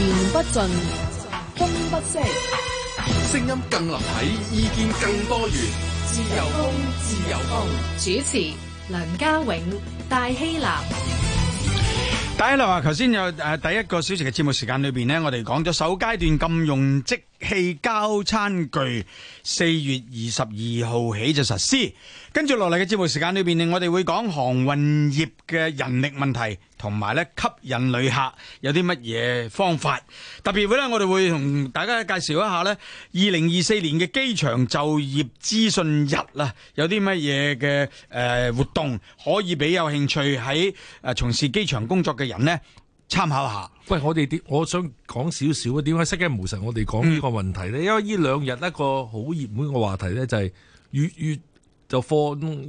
言不盡，風不息，聲音更立體，意見更多元。自由風，自由風。主持梁家永、戴希南。戴希南啊，頭先有誒第一個小時嘅節目時間裏邊呢，我哋講咗首階段禁用即棄膠餐具，四月二十二號起就實施。跟住落嚟嘅節目時間裏邊呢，我哋會講航運業嘅人力問題。同埋咧吸引旅客有啲乜嘢方法？特別會咧，我哋會同大家介紹一下咧，二零二四年嘅機場就業資訊日啊，有啲乜嘢嘅誒活動可以俾有興趣喺誒從事機場工作嘅人呢參考下。喂，我哋我想講少少啊。點解失驚無神？我哋講呢個問題呢、嗯、因為呢兩日一個好熱門嘅話題呢就係月月就放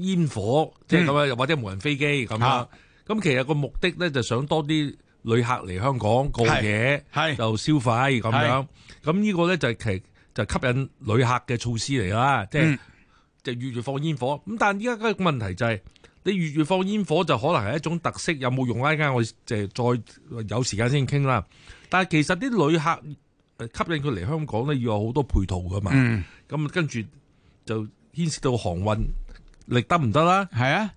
煙火，即係咁啊，或者無人飛機咁樣咁其實個目的咧就想多啲旅客嚟香港過夜，是就消費咁是樣。咁呢是個咧就其實就吸引旅客嘅措施嚟啦，即係就月、是、月放煙火。咁但係依家個問題就係、是、你月月放煙火就可能係一種特色，有冇用家我即係再有時間先傾啦。但係其實啲旅客吸引佢嚟香港咧要有好多配套噶嘛。咁、嗯、跟住就牽涉到航運力得唔得啦？係啊。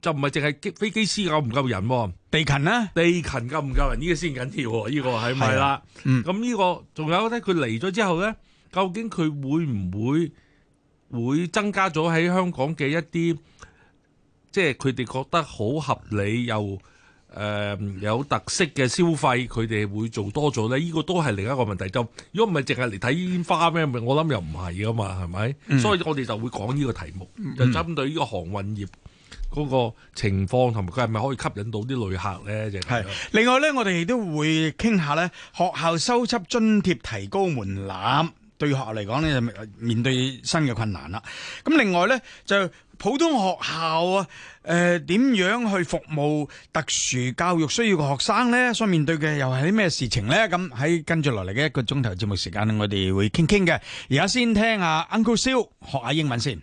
就唔係淨係機飛機師夠唔夠人、啊、地勤呢？地勤夠唔夠人呢個先緊要，呢個係咪啦？咁呢個仲有咧？佢嚟咗之後咧，究竟佢會唔會會增加咗喺香港嘅一啲即係佢哋覺得好合理又誒有、呃、有特色嘅消費，佢哋會做多咗咧？呢，這個都係另一個問題。就如果唔係淨係嚟睇煙花咩？我諗又唔係噶嘛，係咪？嗯、所以我哋就會講呢個題目，就針對呢個航運業。嗯嗰個情況同埋佢係咪可以吸引到啲旅客咧？就係另外咧，我哋亦都會傾下咧，學校收集津貼提高門檻，對學校嚟講咧，就面對新嘅困難啦。咁另外咧，就普通學校啊，誒點樣去服務特殊教育需要嘅學生咧？所面對嘅又係啲咩事情咧？咁喺跟住落嚟嘅一個鐘頭節目時間咧，我哋會傾傾嘅。而家先聽下 Uncle Sue 學下英文先。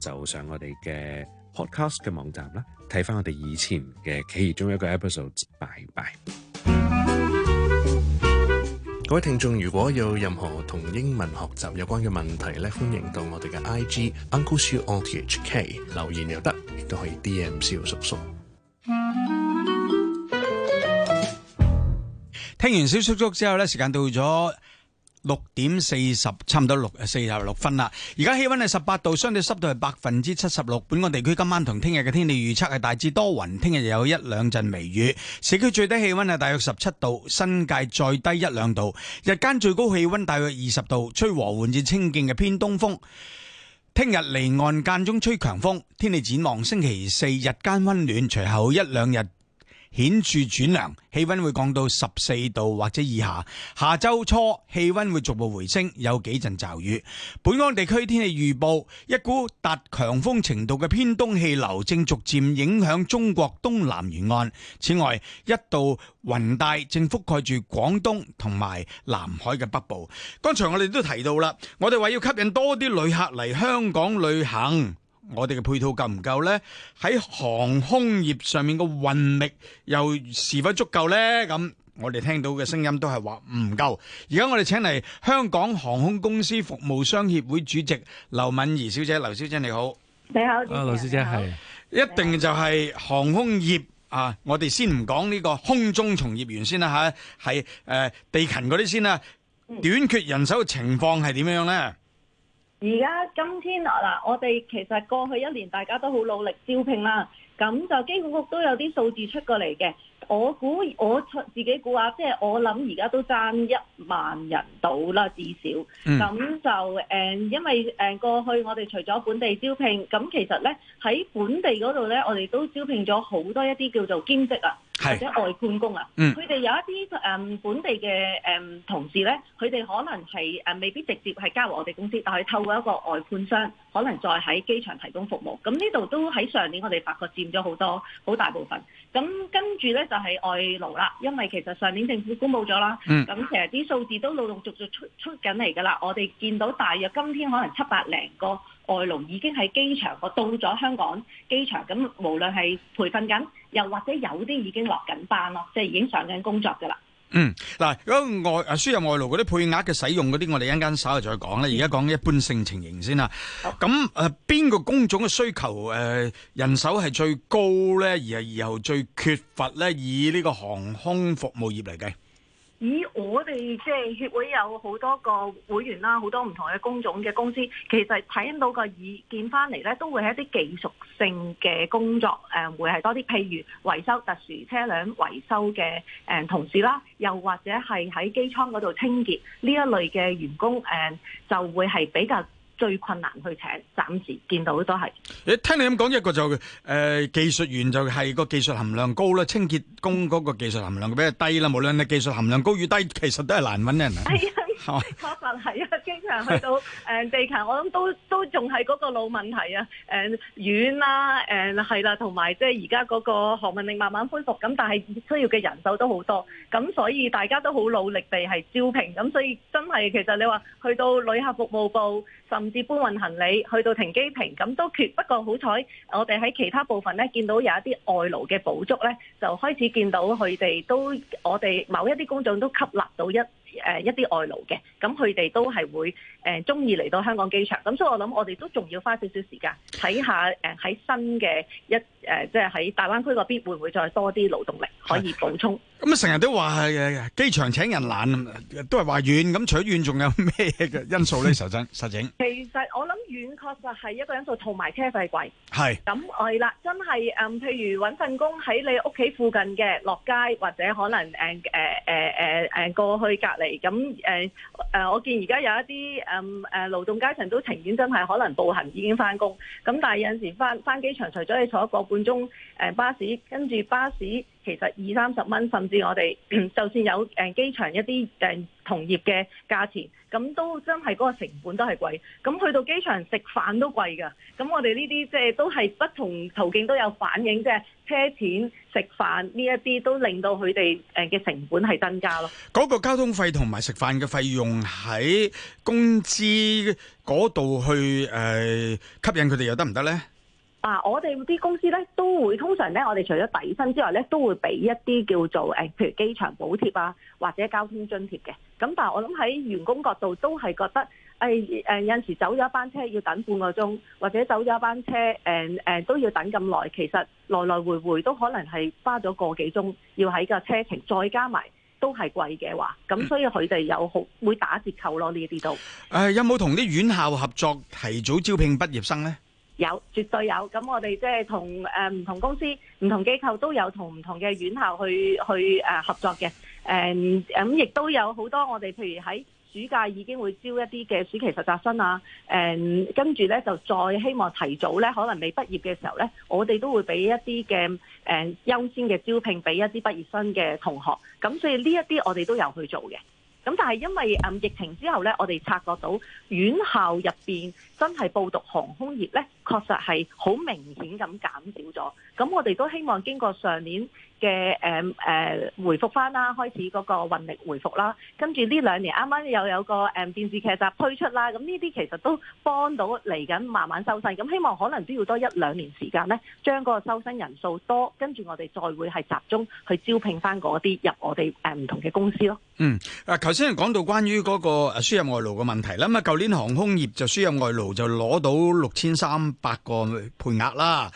就上我哋嘅 podcast 嘅網站啦，睇翻我哋以前嘅其中一個 episode。拜拜！各位聽眾，如果有任何同英文學習有關嘅問題咧，歡迎到我哋嘅 IG Uncle Siu、si、on HK 留言又得，亦都可以 DM 小叔叔。聽完小叔叔之後，咧，時間到咗。六點四十，40，差唔多六四十六分啦。而家氣溫係十八度，相對濕度係百分之七十六。本港地區今晚同聽日嘅天氣預測係大致多雲，聽日有一兩陣微雨。市區最低氣溫係大約十七度，新界再低一兩度。日間最高氣溫大約二十度，吹和緩至清勁嘅偏東風。聽日離岸間中吹強風，天氣展望星期四日間溫暖，隨後一兩日。顯著轉涼，氣溫會降到十四度或者以下。下周初氣溫會逐步回升，有幾陣驟雨。本港地區天氣預報，一股達強風程度嘅偏東氣流正逐漸影響中國東南沿岸。此外，一道雲帶正覆蓋住廣東同埋南海嘅北部。剛才我哋都提到啦，我哋話要吸引多啲旅客嚟香港旅行。我哋嘅配套夠唔夠呢？喺航空業上面嘅運力又是否足夠呢？咁我哋聽到嘅聲音都係話唔夠。而家我哋請嚟香港航空公司服務商協會主席劉敏儀小姐，劉小姐你好，你好、你好。劉劉小姐係，一定就係航空業啊！我哋先唔講呢個空中從業員員先啦吓，係、啊、誒、呃、地勤嗰啲先啦，短缺人手嘅情況係點樣呢？而家今天嗱，我哋其實過去一年大家都好努力招聘啦，咁就幾乎都都有啲數字出過嚟嘅。我估我自己估下，即係我諗而家都爭一萬人到啦，至少。咁、嗯、就誒，因為誒過去我哋除咗本地招聘，咁其實咧喺本地嗰度咧，我哋都招聘咗好多一啲叫做兼職啊，或者外判工啊。佢哋、嗯、有一啲誒、嗯、本地嘅誒、嗯、同事咧，佢哋可能係誒未必直接係加入我哋公司，但係透過一個外判商，可能再喺機場提供服務，咁呢度都喺上年我哋發覺佔咗好多好大部分。咁跟住咧就。喺外勞啦，因為其實上年政府公布咗啦，咁成日啲數字都陸陸續續出出緊嚟㗎啦。我哋見到大約今天可能七百零個外勞已經喺機場，我到咗香港機場，咁無論係培訓緊，又或者有啲已經落緊班咯，即係已經上緊工作㗎啦。嗯，嗱，如果外輸入外勞嗰啲配額嘅使用嗰啲，我哋一陣間稍後再講咧。而家講一般性情形先啦。咁誒、嗯，邊、呃、個工種嘅需求誒、呃、人手係最高咧，而係又最缺乏咧？以呢個航空服務業嚟計。以我哋即係協會有好多個會員啦，好多唔同嘅工種嘅公司，其實睇到個意見翻嚟咧，都會係一啲技術性嘅工作，誒，會係多啲，譬如維修特殊車輛維修嘅誒同事啦，又或者係喺機艙嗰度清潔呢一類嘅員工，誒，就會係比較。最困難去請，暫時見到都係。誒，聽你咁講一個就誒技術員，就係個技術含量高啦，清潔工嗰個技術含量比較低啦。無論你技術含量高與低，其實都係難揾人。係啊。確實係啊，經常去到誒，地勤我諗都都仲係嗰個老問題啊，誒遠啦，誒係啦，同埋即係而家嗰個航運力慢慢恢復，咁但係需要嘅人手都好多，咁所以大家都好努力地係招聘。咁所以真係其實你話去到旅客服務部，甚至搬運行李，去到停機坪，咁都缺，不過好彩我哋喺其他部分咧，見到有一啲外勞嘅補足咧，就開始見到佢哋都我哋某一啲工種都吸納到一。誒、呃、一啲外勞嘅，咁佢哋都係會誒鍾意嚟到香港機場，咁所以我諗我哋都仲要花少少時間睇下誒喺新嘅一誒、呃，即係喺大灣區嗰邊會唔會再多啲勞動力可以補充。咁啊，成日都話係、啊、機場請人難，都係話遠，咁除咗遠仲有咩嘅因素咧？實質實情。其實我諗。遠確實係一個人就套埋車費貴，係咁啦，真係誒、嗯，譬如揾份工喺你屋企附近嘅落街，或者可能誒誒誒誒誒過去隔離咁誒誒，我見而家有一啲誒誒勞動階層都情願真係可能步行已經翻工，咁、嗯、但係有陣時翻翻機場，除咗你坐一個半鐘、呃、巴士，跟住巴士。其實二三十蚊，甚至我哋就算有誒機場一啲誒同業嘅價錢，咁都真係嗰個成本都係貴。咁去到機場食飯都貴噶。咁我哋呢啲即係都係不同途徑都有反映，即係車錢、食飯呢一啲都令到佢哋誒嘅成本係增加咯。嗰個交通費同埋食飯嘅費用喺工資嗰度去誒、呃、吸引佢哋又得唔得呢？啊！我哋啲公司咧都會通常咧，我哋除咗底薪之外咧，都會俾一啲叫做誒，譬如機場補貼啊，或者交通津貼嘅。咁但係我諗喺員工角度都係覺得誒誒，有陣時走咗一班車要等半個鐘，或者走咗一班車誒、嗯嗯、都要等咁耐。其實來來回回都可能係花咗個幾鐘要喺個車程再加埋都係貴嘅話，咁所以佢哋有好會打折扣咯。呢啲都誒有冇同啲院校合作提早招聘畢業生咧？有，絕對有。咁我哋即係同誒唔同公司、唔同機構都有同唔同嘅院校去去誒合作嘅。誒咁亦都有好多我哋，譬如喺暑假已經會招一啲嘅暑期實習生啊。誒跟住咧就再希望提早咧，可能未畢業嘅時候咧，我哋都會俾一啲嘅誒優先嘅招聘俾一啲畢業生嘅同學。咁所以呢一啲我哋都有去做嘅。咁但係因為誒疫情之後咧，我哋察覺到院校入邊真係報讀航空業咧，確實係好明顯咁減少咗。咁我哋都希望經過上年嘅誒誒回復翻啦，開始嗰個運力回復啦，跟住呢兩年啱啱又有個誒電視劇集推出啦，咁呢啲其實都幫到嚟緊慢慢收生。咁希望可能都要多一兩年時間呢，將嗰個收生人數多，跟住我哋再會係集中去招聘翻嗰啲入我哋誒唔同嘅公司咯。嗯，啊，頭先講到關於嗰個輸入外勞嘅問題啦，咁啊，舊年航空業就輸入外勞就攞到六千三百個配額啦。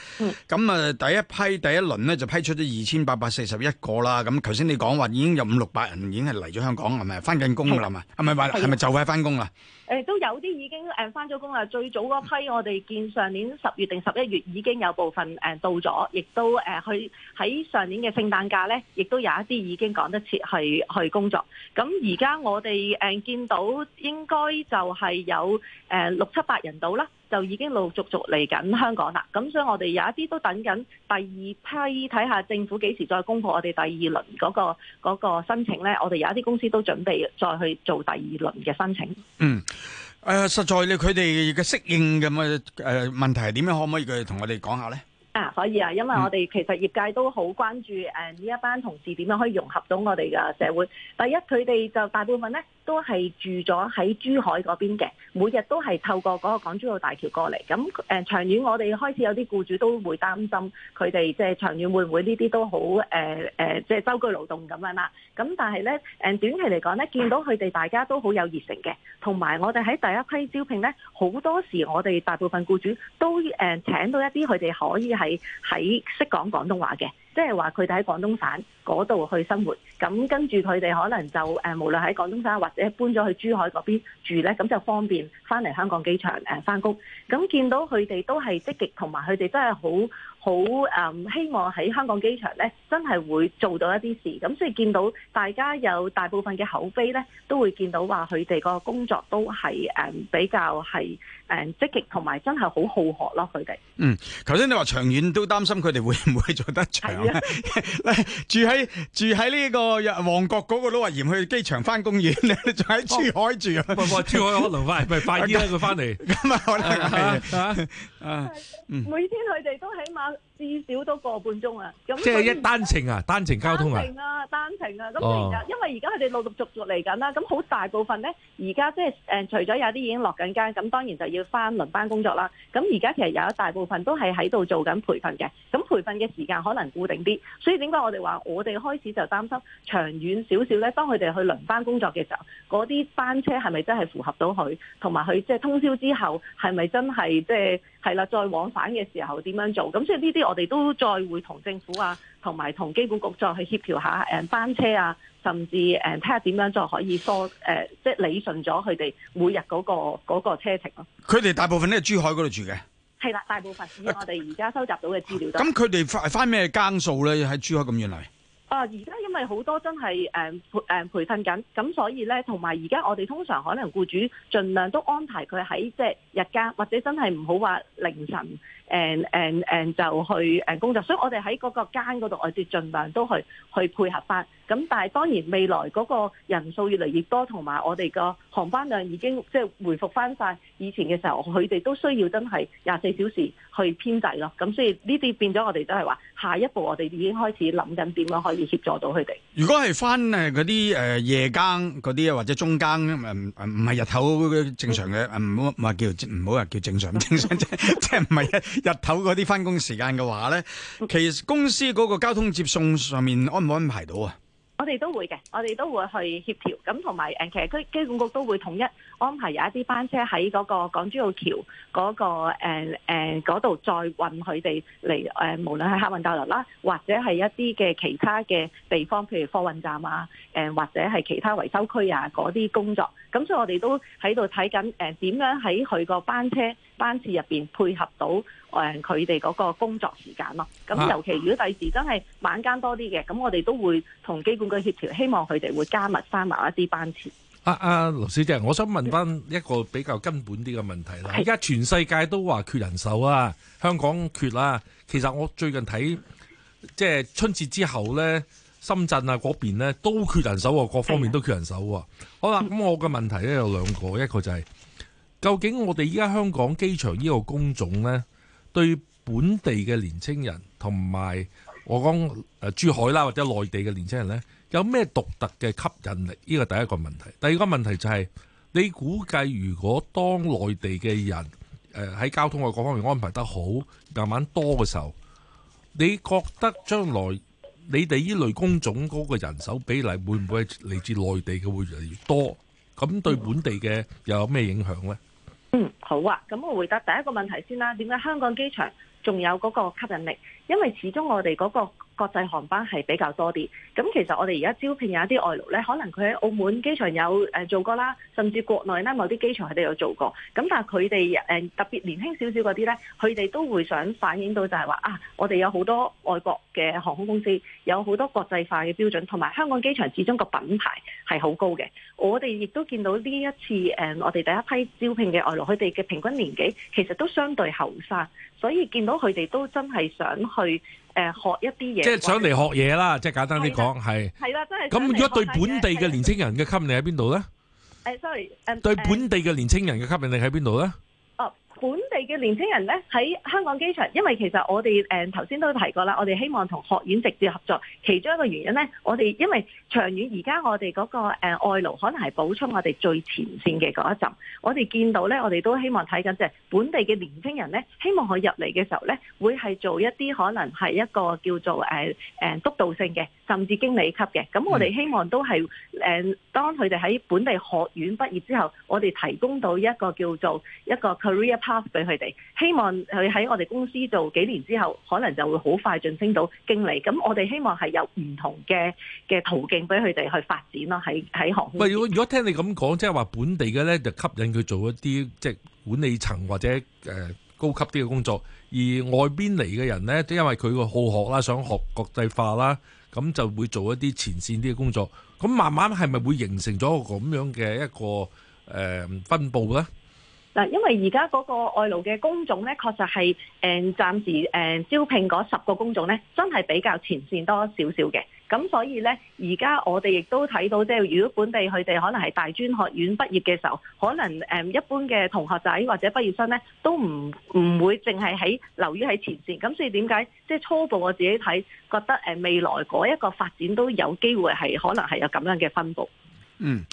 咁啊第。第一批第一輪咧就批出咗二千八百四十一個啦，咁頭先你講話已經有五六百人已經係嚟咗香港係咪翻緊工啦嘛？係咪話係咪就快翻工啦？誒都有啲已經誒翻咗工啦，最早嗰批我哋見上年十月定十一月已經有部分誒到咗，亦都誒、呃、去喺上年嘅聖誕假咧，亦都有一啲已經趕得切去去工作。咁而家我哋誒見到應該就係有誒六七百人到啦。就已經陸陸續續嚟緊香港啦，咁所以我哋有一啲都等緊第二批，睇下政府幾時再公布我哋第二輪嗰、嗰個、嗰個申請呢，我哋有一啲公司都準備再去做第二輪嘅申請。嗯，誒、呃，實在你佢哋嘅適應嘅咪誒問題，係點樣可唔可以佢同我哋講下呢？啊。所以啊，因為我哋其實業界都好關注誒呢、呃、一班同事點樣可以融合到我哋嘅社會。第一，佢哋就大部分咧都係住咗喺珠海嗰邊嘅，每日都係透過嗰個港珠澳大橋過嚟。咁誒、呃、長遠我哋開始有啲雇主都會擔心佢哋即係長遠會唔會呢啲都好誒誒即係周居勞動咁樣啦。咁但係咧誒短期嚟講咧，見到佢哋大家都好有熱誠嘅，同埋我哋喺第一批招聘咧，好多時我哋大部分雇主都誒、呃、請到一啲佢哋可以喺。喺識講廣東話嘅，即係話佢哋喺廣東省嗰度去生活，咁跟住佢哋可能就誒，無論喺廣東省或者搬咗去珠海嗰邊住呢，咁就方便翻嚟香港機場誒翻工。咁見到佢哋都係積極，同埋佢哋真係好好誒，希望喺香港機場呢真係會做到一啲事。咁所以見到大家有大部分嘅口碑呢，都會見到話佢哋個工作都係誒、嗯、比較係。誒積極同埋真係好好學咯，佢哋。嗯，頭先你話長遠都擔心佢哋會唔會做得長咧？住喺住喺呢個旺角嗰個都話嫌去機場翻公園咧，你仲喺珠海住。唔好唔好，珠海可能快，咪快啲咧，佢翻嚟。咁啊，可能係。啊嗯、每天佢哋都起碼至少都個半鐘啊！即係一單程啊，單程交通啊。單程啊，單程啊，咁、啊哦、因為而家佢哋陸陸續續嚟緊啦，咁好大部分呢，而家即係除咗有啲已經落緊班，咁當然就要返輪班工作啦。咁而家其實有一大部分都係喺度做緊培訓嘅，咁培訓嘅時間可能固定啲，所以點解我哋話我哋開始就擔心長遠少少呢？當佢哋去輪班工作嘅時候，嗰啲班車係咪真係符合到佢，同埋佢即係通宵之後係咪真係即係？就是係啦，再往返嘅時候點樣做？咁所以呢啲我哋都再會同政府啊，同埋同機管局再去協調下誒班車啊，甚至誒睇下點樣再可以疏誒、呃，即係理順咗佢哋每日嗰、那個嗰、那個車程咯、啊。佢哋大部分都係珠海嗰度住嘅。係啦，大部分以我哋而家收集到嘅資料、呃、都咁，佢哋返咩更數咧？喺珠海咁遠嚟？啊！而家因為好多真係誒培培訓緊，咁所以呢，同埋而家我哋通常可能僱主盡量都安排佢喺即係日間，或者真係唔好話凌晨。誒誒誒就去誒工作，所以我哋喺嗰個間嗰度，我哋盡量都去去配合翻。咁但係當然未來嗰個人數越嚟越多，同埋我哋個航班量已經即係、就是、回復翻晒以前嘅時候，佢哋都需要真係廿四小時去編制咯。咁所以呢啲變咗，我哋都係話下一步，我哋已經開始諗緊點樣可以協助到佢哋。如果係翻誒嗰啲誒夜更嗰啲或者中更，唔唔係日頭正常嘅，唔好唔係叫唔好話叫正常，正常即即係唔係。日頭嗰啲翻工時間嘅話咧，其實公司嗰個交通接送上面安唔安排到啊？我哋都會嘅，我哋都會去協調，咁同埋誒，其實機管局都會統一。安排有一啲班車喺嗰個港珠澳大橋嗰、嗰個嗰度、嗯嗯、再運佢哋嚟誒，無論係客運大樓啦，或者係一啲嘅其他嘅地方，譬如貨運站啊，誒、嗯、或者係其他維修區啊嗰啲工作。咁所以我哋都喺度睇緊誒點樣喺佢個班車班次入邊配合到誒佢哋嗰個工作時間咯、啊。咁尤其如果第時真係晚間多啲嘅，咁我哋都會同機管局協調，希望佢哋會加密翻埋一啲班次。啊啊劉小姐，我想問翻一個比較根本啲嘅問題啦。而家全世界都話缺人手啊，香港缺啦、啊。其實我最近睇即係春節之後呢，深圳啊嗰邊呢，都缺人手喎、啊，各方面都缺人手喎、啊。的好啦，咁我嘅問題呢，有兩個，一個就係、是、究竟我哋而家香港機場呢個工種呢，對本地嘅年青人同埋我講誒珠海啦或者內地嘅年青人呢。有咩獨特嘅吸引力？呢個第一個問題。第二個問題就係你估計，如果當內地嘅人誒喺交通嘅各方面安排得好，慢慢多嘅時候，你覺得將來你哋呢類工種嗰個人手比例會唔會係嚟自內地嘅會越嚟越多？咁對本地嘅又有咩影響呢？嗯，好啊。咁我回答第一個問題先啦。點解香港機場仲有嗰個吸引力？因為始終我哋嗰個國際航班係比較多啲，咁其實我哋而家招聘有一啲外勞咧，可能佢喺澳門機場有誒做過啦，甚至國內咧某啲機場佢哋有做過。咁但係佢哋誒特別年輕少少嗰啲咧，佢哋都會想反映到就係話啊，我哋有好多外國嘅航空公司，有好多國際化嘅標準，同埋香港機場始終個品牌係好高嘅。我哋亦都見到呢一次誒，我哋第一批招聘嘅外勞，佢哋嘅平均年紀其實都相對後生，所以見到佢哋都真係想去。去誒、呃、學一啲嘢，即係上嚟學嘢啦，即係簡單啲講係。係啦，真係。咁如果對本地嘅年輕人嘅吸引力喺邊度咧？誒的，sorry，對本地嘅年輕人嘅吸引力喺邊度咧？Uh, sorry, uh, uh, 本地嘅年青人呢，喺香港機場，因為其實我哋誒頭先都提過啦，我哋希望同學院直接合作。其中一個原因呢，我哋因為長遠而家我哋嗰、那個誒、嗯、外勞可能係補充我哋最前線嘅嗰一站，我哋見到呢，我哋都希望睇緊即係本地嘅年青人呢，希望佢入嚟嘅時候呢，會係做一啲可能係一個叫做誒誒、啊啊、督導性嘅，甚至經理級嘅。咁我哋希望都係誒、啊、當佢哋喺本地學院畢業之後，我哋提供到一個叫做一個 career path offer 俾佢哋，希望佢喺我哋公司做幾年之後，可能就會好快晉升到經理。咁我哋希望係有唔同嘅嘅途徑俾佢哋去發展咯，喺喺航空業。唔係，如果聽你咁講，即係話本地嘅咧，就吸引佢做一啲即係管理層或者誒高級啲嘅工作；而外邊嚟嘅人咧，都因為佢個好學啦，想學國際化啦，咁就會做一啲前線啲嘅工作。咁慢慢係咪會形成咗咁樣嘅一個誒分佈咧？嗱，因為而家嗰個外勞嘅工種咧，確實係誒暫時誒招聘嗰十個工種咧，真係比較前線多少少嘅。咁所以咧，而家我哋亦都睇到，即係如果本地佢哋可能係大專學院畢業嘅時候，可能誒一般嘅同學仔或者畢業生咧，都唔唔會淨係喺留於喺前線。咁所以點解，即係初步我自己睇，覺得誒未來嗰一個發展都有機會係可能係有咁樣嘅分佈。嗯。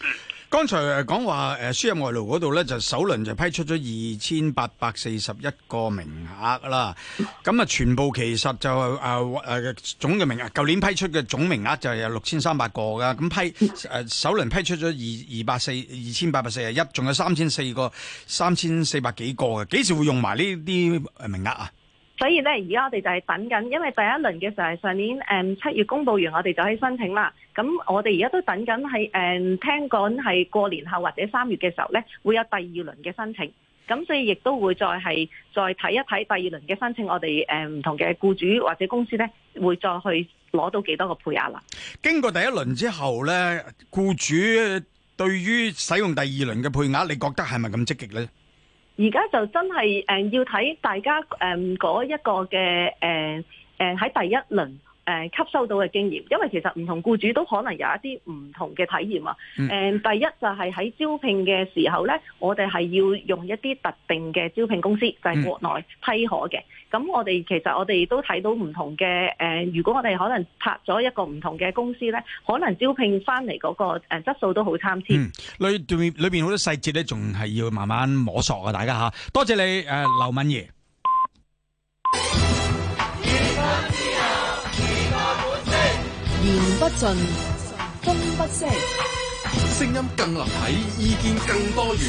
剛才誒講話誒輸入外勞嗰度咧，就首輪就批出咗二千八百四十一個名額啦，咁啊全部其實就誒、係、誒、啊啊、總嘅名額，舊年批出嘅總名額就係六千三百個噶，咁批誒、啊、首輪批出咗二二百四二千八百四十一，仲有三千四個三千四百幾個嘅，幾時會用埋呢啲誒名額啊？所以咧，而家我哋就係等緊，因為第一輪嘅時候係上年誒七月公布完，我哋就去申請啦。咁我哋而家都等緊係誒聽講係過年後或者三月嘅時候咧，會有第二輪嘅申請。咁所以亦都會再係再睇一睇第二輪嘅申請。我哋誒唔同嘅僱主或者公司咧，會再去攞到幾多個配額啦。經過第一輪之後咧，僱主對於使用第二輪嘅配額，你覺得係咪咁積極咧？而家就真係要睇大家誒嗰、嗯、一個嘅喺、嗯嗯、第一輪、嗯、吸收到嘅經驗，因為其實唔同僱主都可能有一啲唔同嘅體驗啊、嗯。第一就係喺招聘嘅時候咧，我哋係要用一啲特定嘅招聘公司，就係、是、國內批可嘅。咁我哋其實我哋都睇到唔同嘅，誒，如果我哋可能拍咗一個唔同嘅公司咧，可能招聘翻嚟嗰個誒質素都好參差。嗯，裏邊裏邊好多細節咧，仲係要慢慢摸索啊，大家吓，多謝你誒，劉敏儀。言不盡，風不息，聲音更立體，意見更多元，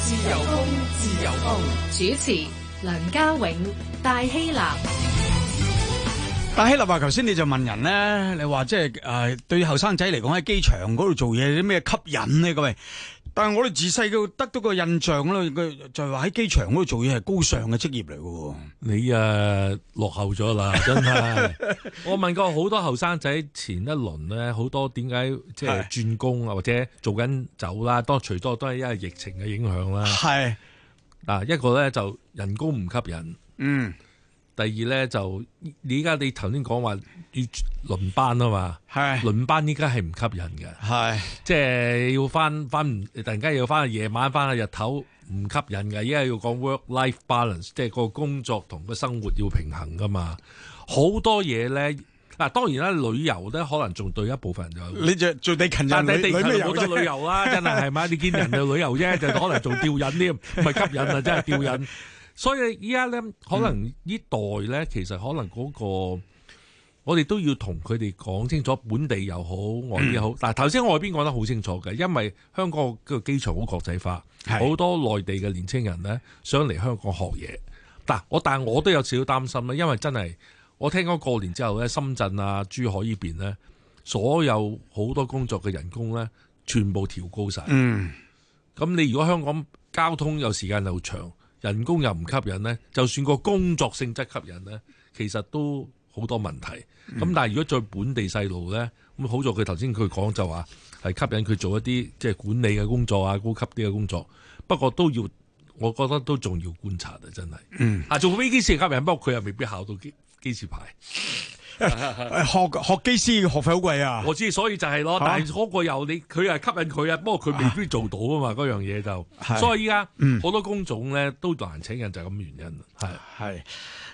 自由風，自由風，主持。梁家永，戴希立。戴、啊、希立話、啊，頭先你就問人咧，你話即係誒，對後生仔嚟講喺機場嗰度做嘢，有啲咩吸引呢？各位，但係我哋自細到得到個印象啦，佢就話喺機場嗰度做嘢係高尚嘅職業嚟嘅。你啊落後咗啦，真係！ 我問過好多後生仔，前一輪咧，好多點解即係轉工啊，是或者做緊走啦？多除多都係因為疫情嘅影響啦。係。嗱，一個咧就人工唔吸引，嗯，第二咧就你而家你頭先講話要輪班啊嘛，係是輪班依家係唔吸引嘅，係是即係要翻翻唔突然間要翻去夜晚翻去日頭唔吸引嘅，依家要講 work life balance，即係個工作同個生活要平衡噶嘛，好多嘢咧。嗱，當然啦，旅遊咧可能仲對一部分人就是、你就做，做地勤又旅，地勤冇旅遊啦、啊，遊 真係係咪？你見人就旅遊啫， 就可能做吊引添唔係吸引啊，真係吊引。 所以依家咧，可能代呢代咧，其實可能嗰、那個、嗯、我哋都要同佢哋講清楚，本地又好，外邊好。但頭頭先外邊講得好清楚嘅，因為香港個機場好國際化，好是多內地嘅年青人咧想嚟香港學嘢。但我但我都有少少擔心啦，因為真係。我聽講過年之後咧，深圳啊、珠海這邊呢邊咧，所有好多工作嘅人工咧，全部調高晒。嗯，咁你如果香港交通又時間又長，人工又唔吸引咧，就算個工作性質吸引咧，其實都好多問題。咁、嗯、但係如果再本地細路咧，咁好在佢頭先佢講就話係吸引佢做一啲即係管理嘅工作啊，高級啲嘅工作。不過都要，我覺得都仲要觀察、嗯、啊，真係。啊做飛機師，吸引，不過佢又未必考到機師牌，學學機師學費好貴啊！我知，所以就係咯，但係嗰個又你佢又吸引佢啊，不過佢未必做到啊嘛，嗰、啊、樣嘢就，是所以依家好多工種咧都難請人，就係咁原因啦，係。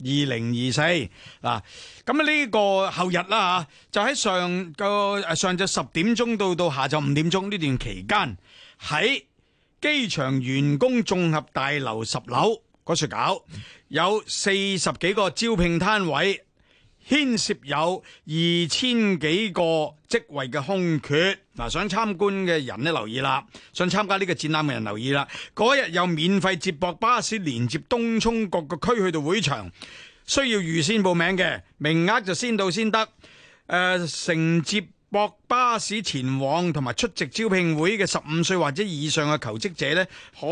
二零二四嗱，咁呢個後日啦、啊、吓，就喺上個上晝十點鐘到到下晝五點鐘呢段期間，喺機場員工綜合大樓十樓嗰處搞，有四十幾個招聘攤位。牽涉有二千幾個職位嘅空缺，嗱，想參觀嘅人呢，留意啦，想參加呢個展覽嘅人留意啦，嗰日有免費接駁巴士連接東涌各個區去到會場，需要預先報名嘅，名額就先到先得，誒、呃，承接。駁巴士前往同埋出席招聘會嘅十五歲或者以上嘅求職者呢，可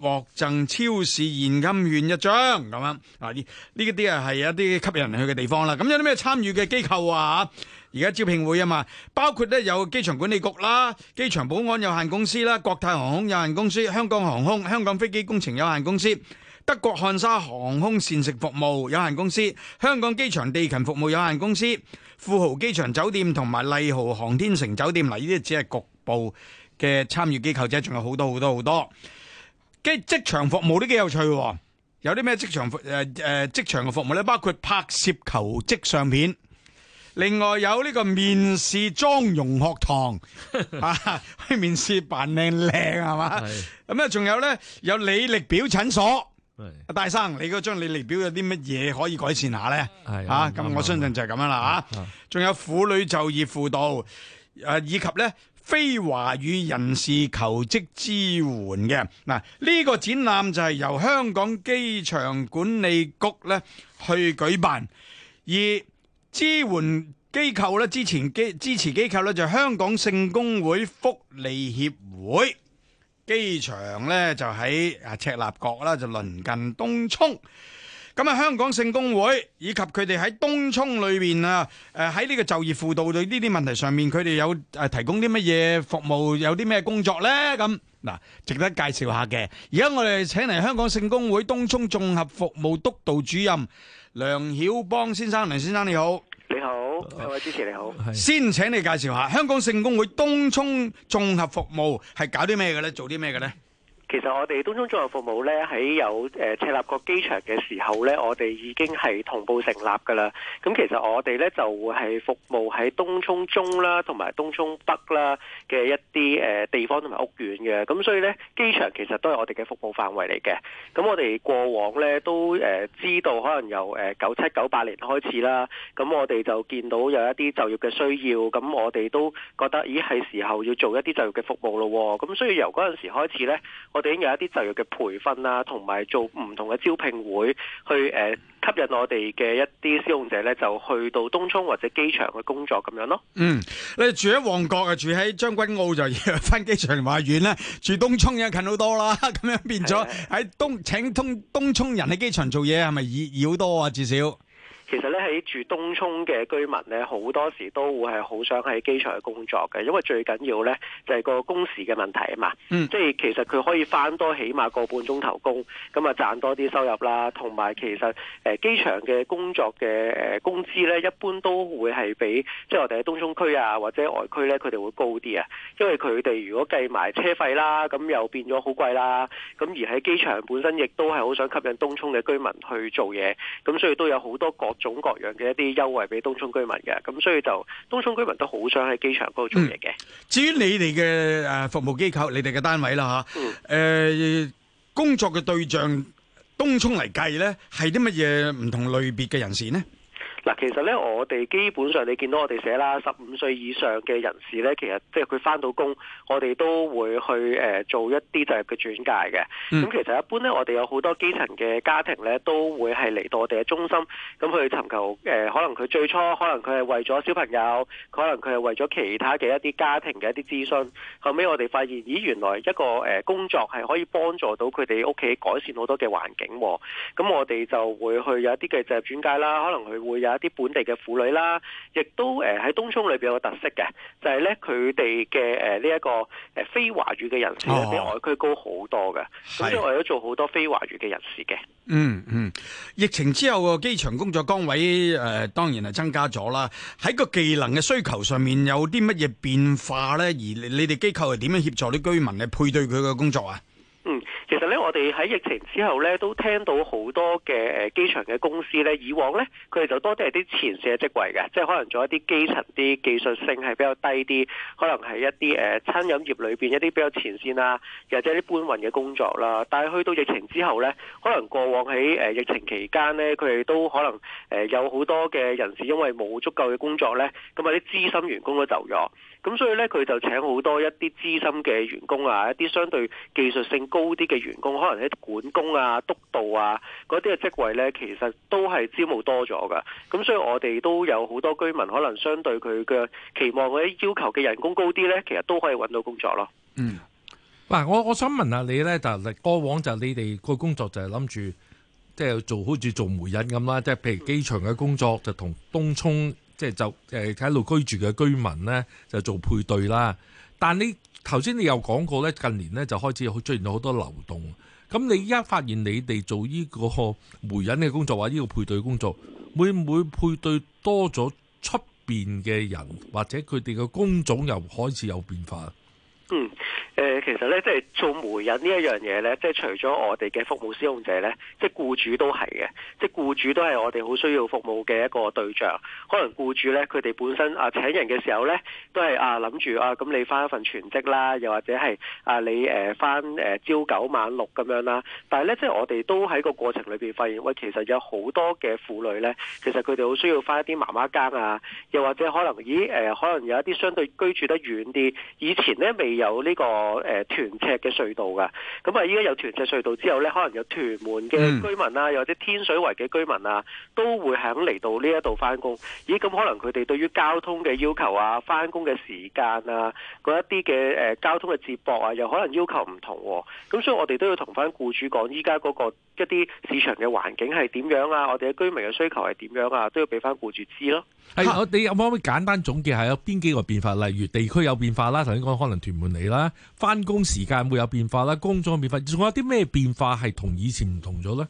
獲贈超市現金券一張咁樣啊！呢啲啊係一啲吸引人去嘅地方啦。咁有啲咩參與嘅機構啊？而家招聘會啊嘛，包括呢有機場管理局啦、機場保安有限公司啦、國泰航空有限公司、香港航空、香港飛機工程有限公司。德國漢莎航空膳食服務有限公司、香港機場地勤服務有限公司、富豪機場酒店同埋麗豪航天城酒店，嚟呢啲只係局部嘅參與機構啫，仲有好多好多好多。即職場服務都幾有趣，有啲咩職場誒誒職場嘅服務呢？包括拍攝求職相片，另外有呢個面試妝容學堂 啊，去面試扮靚靚係嘛？咁啊，仲是有呢？有履歷表診所。大生，你嗰張履歷表有啲乜嘢可以改善下呢？係啊，咁、啊、我相信就係咁樣啦吓。仲、啊啊啊、有婦女就業輔導，誒、啊，以及呢非華語人士求職支援嘅嗱。呢、啊這個展覽就係由香港機場管理局呢去舉辦，而支援機構呢之前機支持機構呢就是、香港聖公會福利協會。機場咧就喺啊赤鱲角啦，就鄰近東涌。咁啊，香港聖公會以及佢哋喺東涌裏邊啊，誒喺呢個就業輔導對呢啲問題上面，佢哋有誒提供啲乜嘢服務？有啲咩工作咧？咁嗱，值得介紹下嘅。而家我哋請嚟香港聖公會東涌綜合服務督導主任梁曉邦先生，梁先生你好。位主持你好，先請你介紹下香港聖公會東涌綜合服務係搞啲咩嘅咧？做啲咩嘅咧？其實我哋東涌綜合服務呢，喺有誒赤鱲角機場嘅時候呢，我哋已經係同步成立㗎啦。咁其實我哋呢，就會、係、係服務喺東涌中啦，同埋東涌北啦嘅一啲誒地方同埋屋苑嘅。咁所以呢，機場其實都係我哋嘅服務範圍嚟嘅。咁我哋過往呢，都誒知道，可能由誒九七九八年開始啦。咁我哋就見到有一啲就業嘅需要，咁我哋都覺得，咦係時候要做一啲就業嘅服務咯。咁所以由嗰陣時開始呢，我哋已經有一啲就業嘅培訓啦，還有做不同埋做唔同嘅招聘會，去誒吸引我哋嘅一啲使用者咧，就去到東涌或者機場嘅工作咁樣咯。嗯，你住喺旺角啊，住喺將軍澳就要返機場話遠咧，住東涌又近好多啦。咁樣變咗喺東的請東東涌人喺機場做嘢，係咪熱好多啊？至少。其實咧喺住東涌嘅居民咧，好多時都會係好想喺機場去工作嘅，因為最緊要咧就係個工時嘅問題啊嘛。嗯。即係其實佢可以翻多起碼個半鐘頭工，咁啊賺多啲收入啦。同埋其實誒機場嘅工作嘅誒工資咧，一般都會係比即係我哋喺東涌區啊或者外區咧，佢哋會高啲啊。因為佢哋如果計埋車費啦，咁又變咗好貴啦。咁而喺機場本身亦都係好想吸引東涌嘅居民去做嘢，咁所以都有好多個種各樣嘅一啲優惠俾東涌居民嘅，咁所以就東涌居民都好想喺機場嗰度做嘢嘅。至於你哋嘅誒服務機構，你哋嘅單位啦吓，誒工作嘅對象東涌嚟計咧，係啲乜嘢唔同類別嘅人士呢？嗱，其實咧，我哋基本上你見到我哋寫啦，十五歲以上嘅人士咧，其實即係佢翻到工，我哋都會去誒做一啲就業嘅轉介嘅。咁、嗯、其實一般咧，我哋有好多基層嘅家庭咧，都會係嚟到我哋嘅中心，咁去尋求誒可能佢最初可能佢係為咗小朋友，可能佢係為咗其他嘅一啲家庭嘅一啲諮詢。後尾我哋發現咦，原來一個誒工作係可以幫助到佢哋屋企改善好多嘅環境喎。咁我哋就會去有一啲嘅就業轉介啦，可能佢會有。啲本地嘅婦女啦，亦都誒喺、呃、東涌裏邊有個特色嘅，就係咧佢哋嘅誒呢一、呃、這個誒、呃、非華語嘅人士比外區高好多嘅，所以為咗做好多非華語嘅人士嘅。嗯嗯，疫情之後個機場工作崗位誒、呃，當然係增加咗啦。喺個技能嘅需求上面有啲乜嘢變化咧？而你哋機構係點樣協助啲居民去配對佢嘅工作啊？嗯，其實咧，我哋喺疫情之後咧，都聽到好多嘅誒機場嘅公司咧，以往咧佢哋就多啲係啲前線嘅職位嘅，即係可能做一啲基層啲技術性係比較低啲，可能係一啲誒餐飲業裏面一啲比較前線啦、啊，又或者啲搬運嘅工作啦。但係去到疫情之後咧，可能過往喺誒疫情期間咧，佢哋都可能誒有好多嘅人士因為冇足夠嘅工作咧，咁啊啲資深員工都走咗，咁所以咧佢就請好多一啲資深嘅員工啊，一啲相對技術性。高啲嘅員工，可能喺管工啊、督導啊嗰啲嘅職位呢，其實都係招募多咗噶。咁所以我哋都有好多居民，可能相對佢嘅期望或者要求嘅人工高啲呢，其實都可以揾到工作咯。嗯，嗱，我我想問下你呢就係、過往就你哋個工作就係諗住即係做好似、就係、做媒人咁啦，即、就、係、係、譬如機場嘅工作、嗯、就同東涌，即係就誒喺度居住嘅居民呢，就做配對啦。但你。頭先你又講過咧，近年咧就開始出現咗好多流動。咁你依家發現你哋做呢個媒人嘅工作或者呢個配對工作，會唔會配對多咗出面嘅人，或者佢哋嘅工種又開始有變化？誒、呃，其實咧，即係做媒人呢一樣嘢咧，即係除咗我哋嘅服務使用者咧，即係僱主都係嘅，即係僱主都係我哋好需要服務嘅一個對象。可能僱主咧，佢哋本身啊，請人嘅時候咧，都係啊諗住啊，咁、啊、你翻一份全職啦，又或者係啊，你誒翻誒朝九晚六咁樣啦。但係咧，即係我哋都喺個過程裏邊發現，喂，其實有好多嘅婦女咧，其實佢哋好需要翻一啲媽媽更啊，又或者可能咦誒、啊，可能有一啲相對居住得遠啲，以前咧未有呢、這個。個誒，屯赤嘅隧道噶，咁啊，依家有屯赤隧道之後呢，可能有屯門嘅居民啊，又或者天水圍嘅居民啊，都會係嚟到呢一度返工。咦，咁可能佢哋對於交通嘅要求啊，返工嘅時間啊，嗰一啲嘅誒交通嘅接駁啊，又可能要求唔同。咁所以我哋都要同翻僱主講，依家嗰個。一啲市場嘅環境係點樣啊？我哋嘅居民嘅需求係點樣啊？都要俾翻僱主知咯。係我哋可唔可以簡單總結下有邊幾個變化？例如地區有變化啦，頭先講可能屯門嚟啦，翻工時間會有變化啦，工作變化，仲有啲咩變化係同以前唔同咗咧？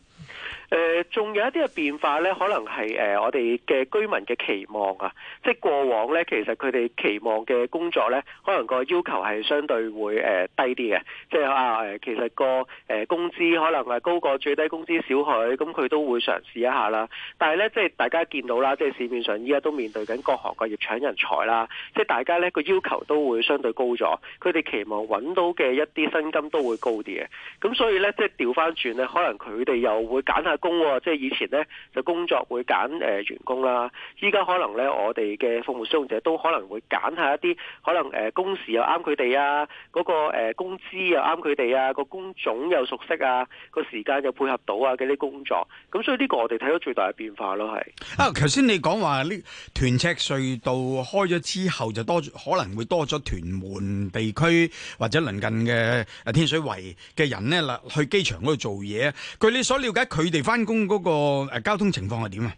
誒，仲、呃、有一啲嘅變化咧，可能係誒、呃、我哋嘅居民嘅期望啊，即係過往咧，其實佢哋期望嘅工作咧，可能個要求係相對會誒、呃、低啲嘅，即係啊，誒、呃、其實、個誒、呃、工資可能係高過最低的工資少許，咁佢都會嘗試一下啦。但係咧，即係大家見到啦，即係市面上依家都面對緊各行各業搶人才啦，即係大家咧個要求都會相對高咗，佢哋期望揾到嘅一啲薪金都會高啲嘅，咁所以咧，即係調返轉咧，可能佢哋有。會揀下工，即係以前呢就工作會揀誒員工啦。依家可能呢，我哋嘅服務使用者都可能會揀下一啲可能誒工時又啱佢哋啊，嗰個誒工資又啱佢哋啊，個工，工種又熟悉啊，個時間又配合到啊嗰啲工作。咁所以呢個我哋睇到最大嘅變化咯，係啊。頭先你講話呢屯赤隧道開咗之後就多可能會多咗屯門地區或者鄰近嘅天水圍嘅人呢，去機場嗰度做嘢。據你所料，而家佢哋翻工嗰個誒、啊、交通情況係點啊？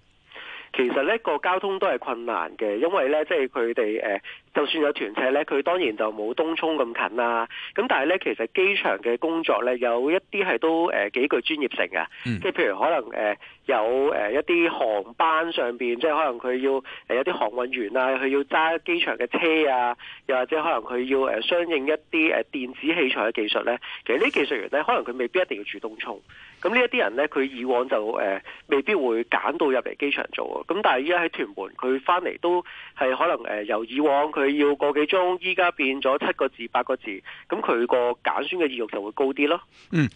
其實呢個交通都係困難嘅，因為咧即係佢哋誒。呃就算有團車咧，佢當然就冇東涌咁近啦。咁但係咧，其實機場嘅工作咧，有一啲係都誒幾具專業性嘅。即係、嗯、譬如可能誒有一啲航班上邊，即係可能佢要誒有啲航運員啊，佢要揸機場嘅車啊，又或者可能佢要誒相應一啲誒電子器材嘅技術咧。其實呢技術員咧，可能佢未必一定要住東涌。咁呢一啲人咧，佢以往就誒未必會揀到入嚟機場做。咁但係依家喺屯門，佢翻嚟都係可能誒由以往佢要個幾鐘，依家變咗七個字八個字，咁佢個揀選嘅意欲就會高啲咯。嗯，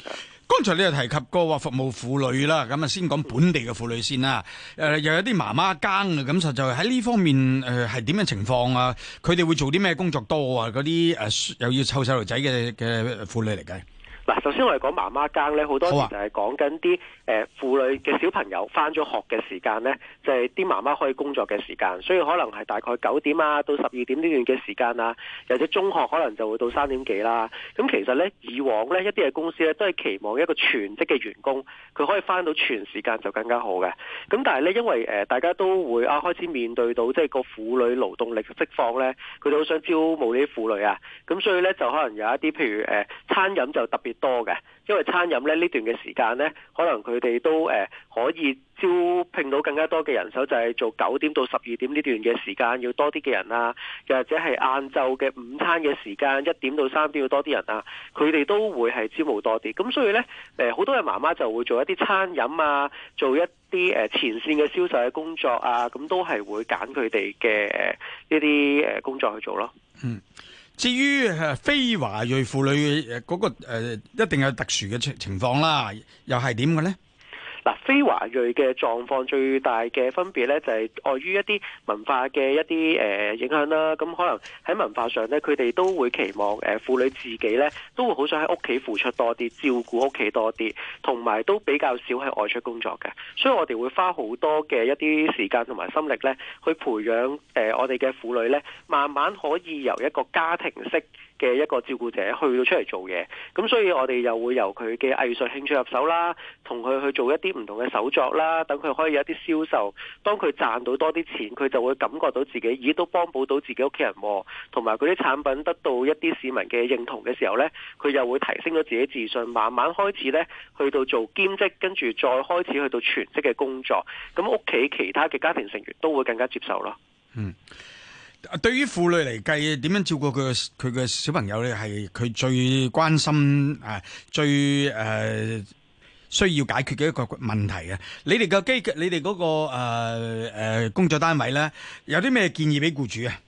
剛才你又提及過話服務婦女啦，咁啊先講本地嘅婦女先啦。誒、嗯、又、呃、有啲媽媽更嘅，咁實際喺呢方面誒係點嘅情況啊？佢哋會做啲咩工作多啊？嗰啲誒又要湊細路仔嘅嘅婦女嚟計。嗱，首先我哋講媽媽更咧，好多時就係講緊啲誒婦女嘅小朋友翻咗學嘅時間咧，就係啲媽媽可以工作嘅時間，所以可能係大概九點啊到十二點呢段嘅時間啊，或者中學可能就會到三點幾啦。咁其實咧，以往咧一啲嘅公司咧都係期望一個全職嘅員工，佢可以翻到全時間就更加好嘅。咁但係咧，因為誒大家都會啊開始面對到即係、就是、個婦女勞動力嘅釋放咧，佢哋好想招募呢啲婦女啊，咁所以咧就可能有一啲譬如誒、呃、餐飲就特別多嘅，因為餐飲咧呢段嘅時間咧，可能佢哋都誒可以招聘到更加多嘅人手，就係做九點到十二點呢段嘅時間要多啲嘅人啊，又或者係晏晝嘅午餐嘅時間一點到三點要多啲人啊，佢哋都會係招募多啲。咁所以咧，誒好多人媽媽就會做一啲餐飲啊，做一啲誒前線嘅銷售嘅工作啊，咁都係會揀佢哋嘅一啲誒工作去做咯。嗯。至於非華裔婦女誒、那、嗰個、呃、一定有特殊嘅情情況啦，又係點嘅咧？嗱，非華裔嘅狀況最大嘅分別咧，就係礙於一啲文化嘅一啲誒影響啦。咁可能喺文化上咧，佢哋都會期望誒婦女自己咧，都會好想喺屋企付出多啲，照顧屋企多啲，同埋都比較少喺外出工作嘅。所以我哋會花好多嘅一啲時間同埋心力咧，去培養誒我哋嘅婦女咧，慢慢可以由一個家庭式嘅一個照顧者去到出嚟做嘢，咁所以我哋又會由佢嘅藝術興趣入手啦，同佢去做一啲唔同嘅手作啦，等佢可以有一啲銷售。當佢賺到多啲錢，佢就會感覺到自己咦都幫補到自己屋企人，同埋嗰啲產品得到一啲市民嘅認同嘅時候呢，佢又會提升咗自己自信，慢慢開始呢去到做兼職，跟住再開始去到全職嘅工作。咁屋企其他嘅家庭成員都會更加接受咯。嗯。對於婦女嚟計，點樣照顧佢佢嘅小朋友咧，係佢最關心啊，最誒、呃、需要解決嘅一個問題啊！你哋嘅機，你哋嗰、那個誒、呃呃、工作單位咧，有啲咩建議俾僱主啊？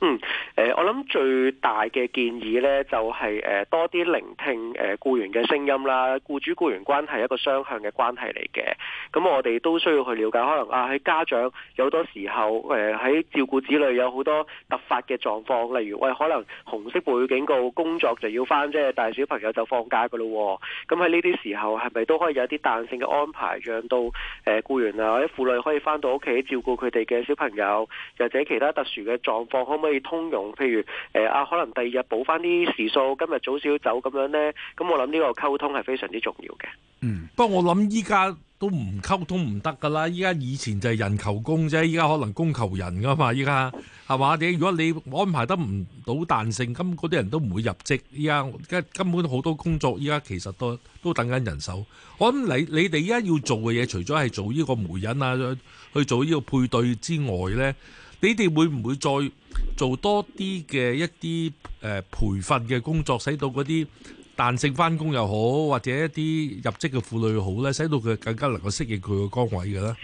嗯，誒、呃，我諗最大嘅建議咧，就係、是、誒多啲聆聽誒雇、呃、員嘅聲音啦。僱主僱員關係一個雙向嘅關係嚟嘅，咁我哋都需要去了解，可能啊喺家長有好多時候誒喺、呃、照顧子女有好多突發嘅狀況，例如喂可能紅色暴雨警告工作就要返啫，但係小朋友就放假噶咯。咁喺呢啲時候係咪都可以有啲彈性嘅安排，讓到誒雇、呃、員啊或者婦女可以返到屋企照顧佢哋嘅小朋友，又或者其他特殊嘅狀況可？可以通用，譬如啊，可能第二日補翻啲時數，今日早少走咁樣咧，咁我諗呢個溝通係非常之重要嘅。嗯，不過我諗依家都唔溝通唔得噶啦，依家以前就係人求工啫，依家可能工求人噶嘛，依家係嘛？如果你安排得唔到彈性，咁嗰啲人都唔會入職。依家根本好多工作，依家其實都都等緊人手。咁我諗你你哋依家要做嘅嘢，除咗係做呢個媒人啊，去做呢個配對之外咧？你哋會唔會再做多啲嘅一啲誒培訓嘅工作，使到嗰啲彈性返工又好，或者一啲入職嘅婦女又好咧，使到佢更加能夠適應佢個崗位嘅咧？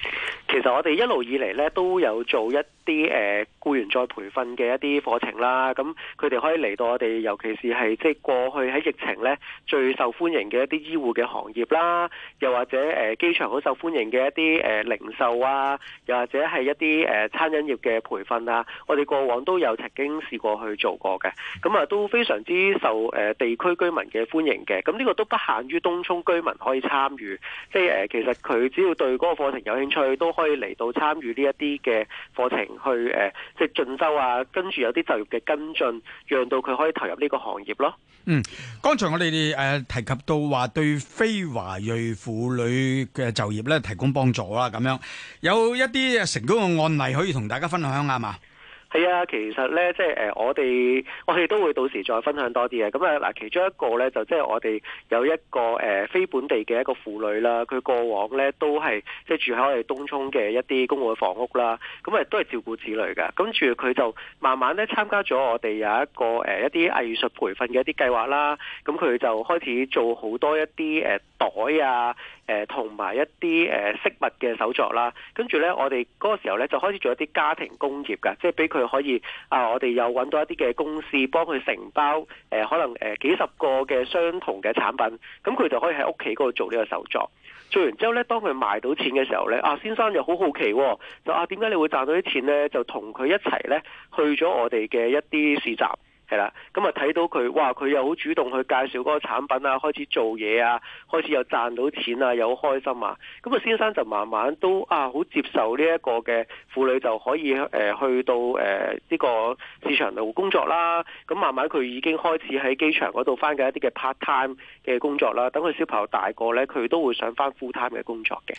其實我哋一路以嚟咧都有做一啲誒雇員再培訓嘅一啲課程啦，咁佢哋可以嚟到我哋，尤其是係即係過去喺疫情咧最受歡迎嘅一啲醫護嘅行業啦，又或者誒機場好受歡迎嘅一啲誒零售啊，又或者係一啲誒餐飲業嘅培訓啊，我哋過往都有曾經試過去做過嘅，咁啊都非常之受誒地區居民嘅歡迎嘅，咁呢個都不限於東涌居民可以參與，即係誒其實佢只要對嗰個課程有興趣都可以嚟到參與呢一啲嘅課程。去誒，即、呃、係、就是、進修啊，跟住有啲就業嘅跟進，讓到佢可以投入呢個行業咯。嗯，剛才我哋誒、呃、提及到話，對非華裔婦女嘅就業咧提供幫助啦，咁樣有一啲成功嘅案例可以同大家分享啊嘛。對係啊，其實咧，即係誒，我哋我哋都會到時再分享多啲嘅。咁啊，嗱，其中一個咧，就即係我哋有一個誒、呃、非本地嘅一個婦女啦，佢過往咧都係即係住喺我哋東涌嘅一啲公共嘅房屋啦，咁啊都係照顧子女嘅。跟住佢就慢慢咧參加咗我哋有一個誒、呃、一啲藝術培訓嘅一啲計劃啦，咁佢就開始做好多一啲誒、呃、袋啊。誒同埋一啲誒飾物嘅手作啦，跟住呢，我哋嗰個時候呢，就開始做一啲家庭工業㗎，即係俾佢可以啊，我哋又揾到一啲嘅公司幫佢承包誒、呃，可能誒幾十個嘅相同嘅產品，咁佢就可以喺屋企嗰度做呢個手作。做完之後呢，當佢賣到錢嘅時候呢，啊先生又好好奇、哦，就啊點解你會賺到啲錢呢？就同佢一齊呢，去咗我哋嘅一啲市集。係啦，咁啊睇到佢，哇！佢又好主動去介紹嗰個產品啊，開始做嘢啊，開始又賺到錢啊，又好開心啊！咁啊，先生就慢慢都啊，好接受呢一個嘅婦女就可以、呃、去到誒呢、呃呢個市場度工作啦。咁慢慢佢已經開始喺機場嗰度翻緊一啲嘅 part time 嘅工作啦。等佢小朋友大個呢，佢都會上翻 full time 嘅工作嘅。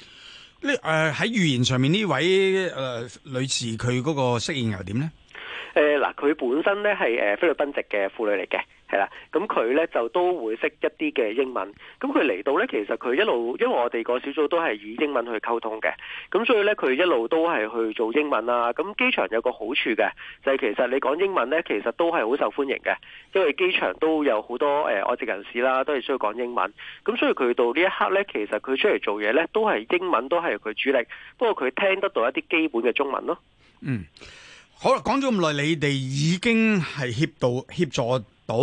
呢喺語言上面呢位女士，佢、呃、嗰個適應又點呢？誒嗱，佢、呃、本身咧係誒菲律賓籍嘅婦女嚟嘅，係啦，咁佢咧就都會識一啲嘅英文。咁佢嚟到咧，其實佢一路，因為我哋個小組都係以英文去溝通嘅，咁、嗯、所以咧佢一路都係去做英文啦、啊。咁、嗯、機場有個好處嘅，就係、是、其實你講英文咧，其實都係好受歡迎嘅，因為機場都有好多誒外籍人士啦，都係需要講英文。咁、嗯、所以佢到呢一刻咧，其實佢出嚟做嘢咧，都係英文都係佢主力，不過佢聽得到一啲基本嘅中文咯。嗯。好啦，講咗咁耐，你哋已經係協助協助到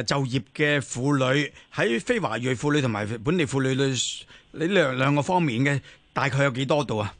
誒就業嘅婦女，喺非華裔婦女同埋本地婦女，你呢兩個方面嘅，大概有幾多度啊？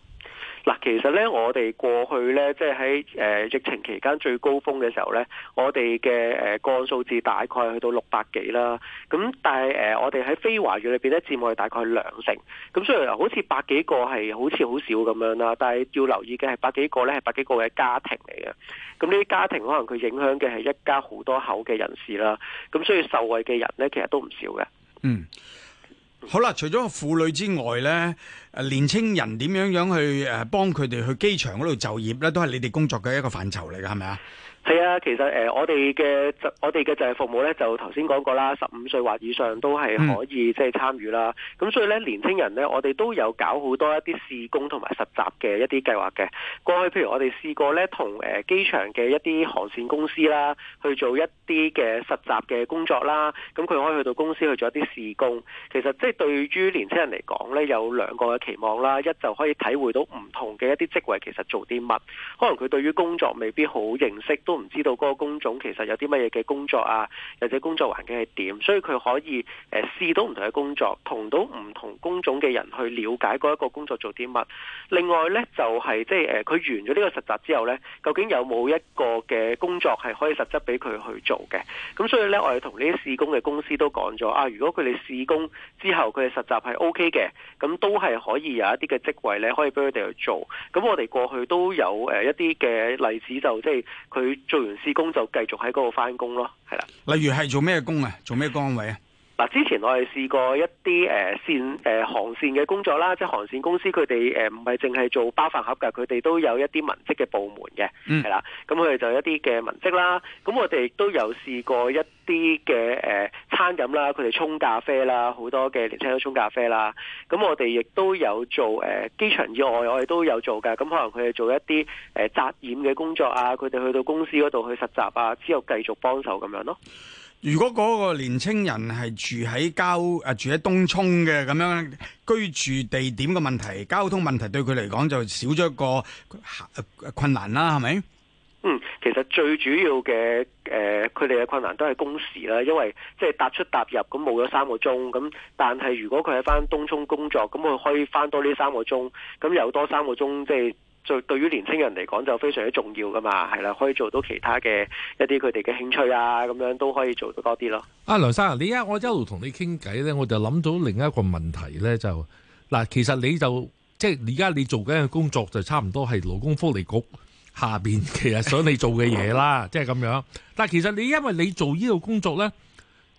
嗱，其實咧，我哋過去咧，即係喺誒疫情期間最高峰嘅時候咧，我哋嘅誒個案數字大概去到六百幾啦。咁但係誒、呃，我哋喺非華裔裏邊咧，佔我哋大概兩成。咁雖然好似百幾個係好似好少咁樣啦，但係要留意嘅係百幾個咧係百幾個嘅家庭嚟嘅。咁呢啲家庭可能佢影響嘅係一家好多口嘅人士啦。咁所以受惠嘅人咧，其實都唔少嘅。嗯。好啦，除咗婦女之外呢，誒年青人點樣樣去誒幫佢哋去機場嗰度就業呢？都係你哋工作嘅一個範疇嚟嘅，係咪啊？係啊，其實誒、呃，我哋嘅就我哋嘅就業服務咧，就頭先講過啦，十五歲或以上都係可以即係參與啦。咁所以咧，年輕人咧，我哋都有搞好多一啲試工同埋實習嘅一啲計劃嘅。過去譬如我哋試過咧，同誒機場嘅一啲航線公司啦，去做一啲嘅實習嘅工作啦。咁佢可以去到公司去做一啲試工。其實即係對於年輕人嚟講咧，有兩個嘅期望啦。一就可以體會到唔同嘅一啲職位其實做啲乜，可能佢對於工作未必好認識都。都唔知道嗰個工種其實有啲乜嘢嘅工作啊，或者工作環境係點，所以佢可以誒試到唔同嘅工作，同到唔同工種嘅人去了解嗰一個工作做啲乜。另外呢，就係即係佢完咗呢個實習之後呢，究竟有冇一個嘅工作係可以實質俾佢去做嘅？咁所以呢，我哋同呢啲試工嘅公司都講咗啊，如果佢哋試工之後佢哋實習係 OK 嘅，咁都係可以有一啲嘅職位呢，可以俾佢哋去做。咁我哋過去都有誒一啲嘅例子，就即係佢。做完施工就繼續喺嗰度返工咯，係啦。例如係做咩工啊？做咩崗位啊？嗱，之前我哋試過一啲誒、呃、線誒、呃、航線嘅工作啦，即係航線公司佢哋誒唔係淨係做包飯盒噶，佢哋都有一啲文職嘅部門嘅，係啦、嗯。咁佢哋就一啲嘅文職啦。咁我哋亦都有試過一啲嘅誒餐飲啦，佢哋沖咖啡啦，好多嘅年輕人沖咖啡啦。咁我哋亦都有做誒、呃、機場以外，我哋都有做㗎。咁可能佢哋做一啲誒紮染嘅工作啊，佢哋去到公司嗰度去實習啊，之後繼續幫手咁樣咯。如果嗰個年青人係住喺交誒住喺東涌嘅咁樣居住地點嘅問題、交通問題對佢嚟講就少咗一個困難啦，係咪？嗯，其實最主要嘅誒，佢哋嘅困難都係工時啦，因為即係踏出踏入咁冇咗三個鐘咁。但係如果佢喺返東涌工作，咁佢可以返多呢三個鐘，咁又多三個鐘，即係對對於年輕人嚟講就非常之重要㗎嘛，係啦，可以做到其他嘅一啲佢哋嘅興趣啊，咁樣都可以做到多啲咯。啊，梁生，你而家我一路同你傾偈呢，我就諗到另一個問題呢，就嗱，其實你就即係而家你做緊嘅工作就差唔多係勞工福利局。下面其實想你做嘅嘢啦，即係咁樣。但其實你因為你做呢度工作呢，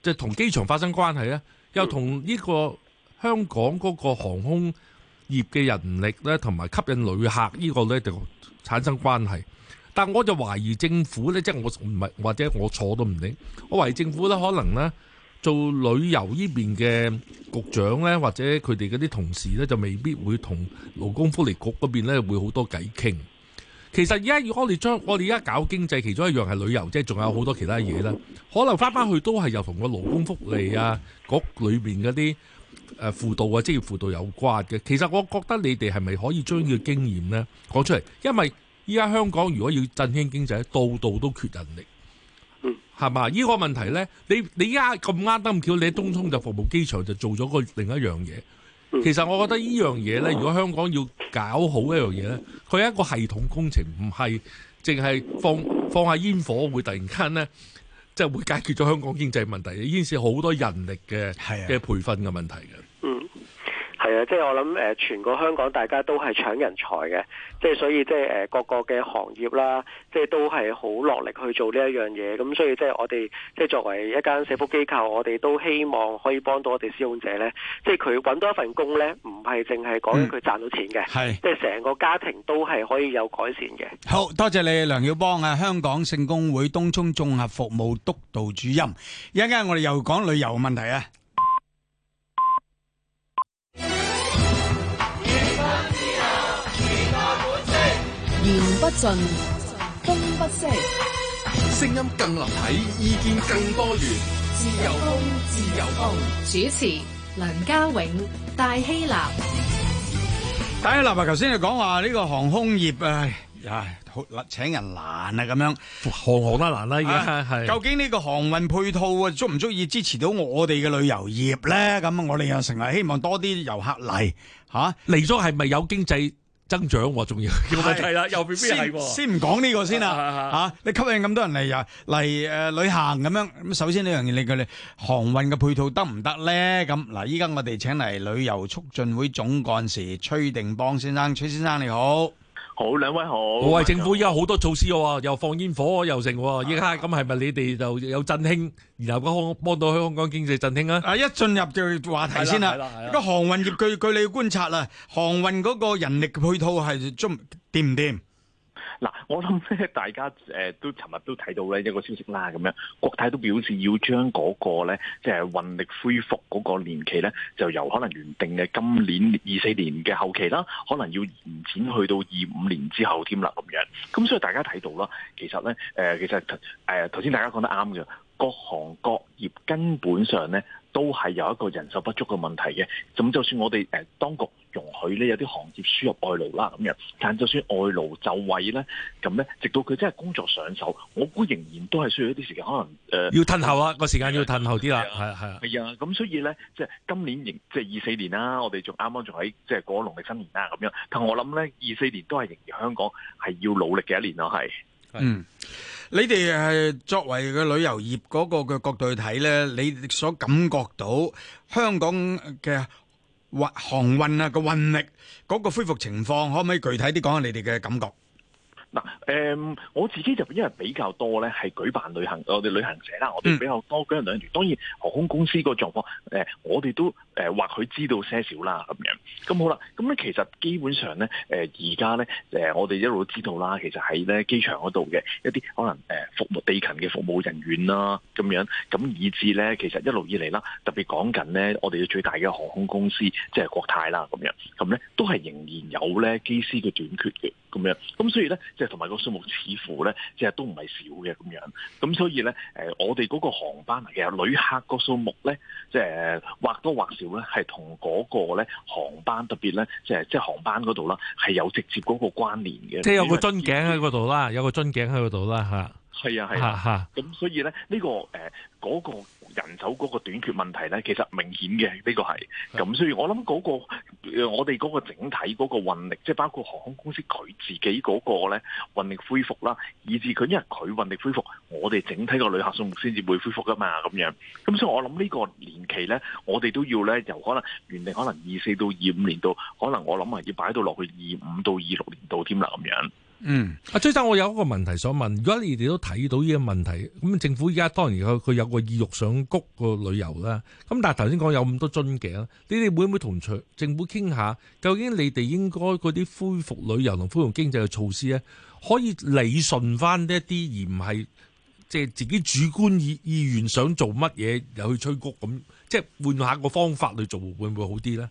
就同機場發生關係呢，又同呢個香港嗰個航空業嘅人力呢，同埋吸引旅客呢個呢，就產生關係。但我就懷疑政府呢，即係我唔係或者我錯都唔定。我懷疑政府呢，可能呢做旅遊呢邊嘅局長呢，或者佢哋嗰啲同事呢，就未必會同勞工福利局嗰邊呢會好多偈傾。其實而家要我哋將我哋而家搞經濟，其中一樣係旅遊啫，仲有好多其他嘢啦。可能翻返去都係又同個勞工福利啊，嗰裏邊嗰啲誒輔導啊、職業輔導有關嘅。其實我覺得你哋係咪可以將呢個經驗咧講出嚟？因為而家香港如果要振興經濟，到到都缺人力，嗯，係嘛？呢個問題咧，你你而家咁啱得咁巧，你喺東涌就服務機場，就做咗個另一樣嘢。其實我覺得呢樣嘢咧，如果香港要搞好一樣嘢咧，佢係一個系統工程，唔係淨係放放下煙火會突然間咧，即係會解決咗香港經濟問題。呢件事好多人力嘅嘅培訓嘅問題嘅。的係啊，即係我諗誒、呃，全個香港大家都係搶人才嘅，即係所以即係誒，各個嘅行業啦，即係都係好落力去做呢一樣嘢。咁所以即係我哋即係作為一間社福機構，我哋都希望可以幫到我哋使用者咧，即係佢搵多一份工咧，唔係淨係講佢賺到錢嘅，係、嗯、即係成個家庭都係可以有改善嘅。好多謝你，梁曉邦啊，香港聖公會東涌綜合服務督導主任。一陣間我哋又講旅遊問題啊！言不盡，風不息，聲音更立體，意見更多元。自由風，自由風。主持：梁家永、戴希立。戴希立啊，頭先你講話呢個航空業啊，啊好難請人難啊，咁樣航空得難啦、啊。已經、啊、是究竟呢個航運配套啊，足唔足以支持到我哋嘅旅遊業咧？咁、嗯、我哋又成日希望多啲遊客嚟嚇嚟咗，係、啊、咪有經濟？增長喎，仲要係啦，又未必係喎。先唔講呢個先啦，嚇你吸引咁多人嚟遊，嚟誒旅行咁樣，咁首先呢樣嘢，你佢哋航運嘅配套得唔得咧？咁嗱，依家我哋請嚟旅遊促進會總幹事崔定邦先生，崔先生你好。好，兩位好。我話好喂政府依家好多措施喎，又放煙火又成，依家咁係咪你哋就有振興，然後幫到香港經濟振興咧？啊，一進入就話題先啦。係啦係啦。而家個航運業據據你觀察啦，航運嗰個人力配套係中掂唔掂？行嗱，我諗咧，大家、呃、都尋日都睇到咧，一個消息啦，咁樣國泰都表示要將嗰個咧，即係運力恢復嗰個年期咧，就由可能原定嘅今年二四年嘅後期啦，可能要延展去到二五年之後添啦，咁樣。咁所以大家睇到啦，其實咧、呃，其實誒頭先大家講得啱嘅，各行各業根本上咧。都係有一個人手不足嘅問題嘅，咁就算我哋誒當局容許呢，有啲行業輸入外勞啦咁樣，但就算外勞就位咧，咁咧直到佢真係工作上手，我估仍然都係需要一啲時間，可能誒、呃、要褪後啊個，時間要褪後啲啦，係啊係啊，係啊，咁所以咧即係今年仍即係二四年啦，我哋仲啱啱仲喺即係過咗農曆新年啦咁樣，但我諗咧二四年都係仍然香港係要努力嘅一年咯，係嗯。係你哋係作為個旅遊業嗰嘅角度去睇咧，你所感覺到香港嘅運航運啊個運力嗰、那個、恢復情況，可唔可以具體啲講下你哋嘅感覺？嗱，誒、嗯，我自己就因為比較多咧，係舉辦旅行，我哋旅行社啦，我哋比較多舉行旅行團。嗯、當然航空公司個狀況，誒、呃，我哋都誒或許知道些少啦，咁樣。咁好啦，咁咧其實基本上咧，誒而家咧，誒我哋一路都知道啦，其實喺咧機場嗰度嘅一啲可能誒服務地勤嘅服務人員啦，咁樣，咁以至咧，其實一路以嚟啦，特別講緊咧，我哋嘅最大嘅航空公司即係、就是、國泰啦，咁樣，咁咧都係仍然有咧機師嘅短缺嘅。咁樣，咁所以咧，即係同埋個數目似乎咧，即係都唔係少嘅咁樣。咁所以咧，誒，我哋嗰個航班其實旅客個數目咧，即係或多或少咧，係同嗰個咧航班特別咧，即係即係航班嗰度啦，係有直接嗰個關聯嘅。即係有個樽頸喺嗰度啦，啊、有個樽頸喺嗰度啦，嚇。係啊係啊，咁、啊啊、所以呢，呢、這個誒嗰、呃那個人手嗰個短缺問題呢，其實這明顯嘅呢、這個係。咁所以我想、那個呃，我諗嗰個我哋嗰個整體嗰個運力，即係包括航空公司佢自己嗰個呢運力恢復啦，以至佢因為佢運力恢復，我哋整體個旅客數目先至會恢復噶嘛咁樣。咁所以我諗呢個年期呢，我哋都要呢，由可能原定可能二四到二五年度，可能我諗係要擺25到落去二五到二六年度添啦咁樣。嗯，阿、啊、崔生，我有一個問題想問，如果你哋都睇到呢個問題，咁政府而家當然佢有個意欲想谷個旅遊啦，咁但係頭先講有咁多樽頸，你哋會唔會同政府傾下，究竟你哋應該嗰啲恢復旅遊同恢復經濟嘅措施咧，可以理順翻呢一啲，而唔係即係自己主觀意意願想做乜嘢又去吹谷咁，即係換下個方法去做，會唔會好啲咧？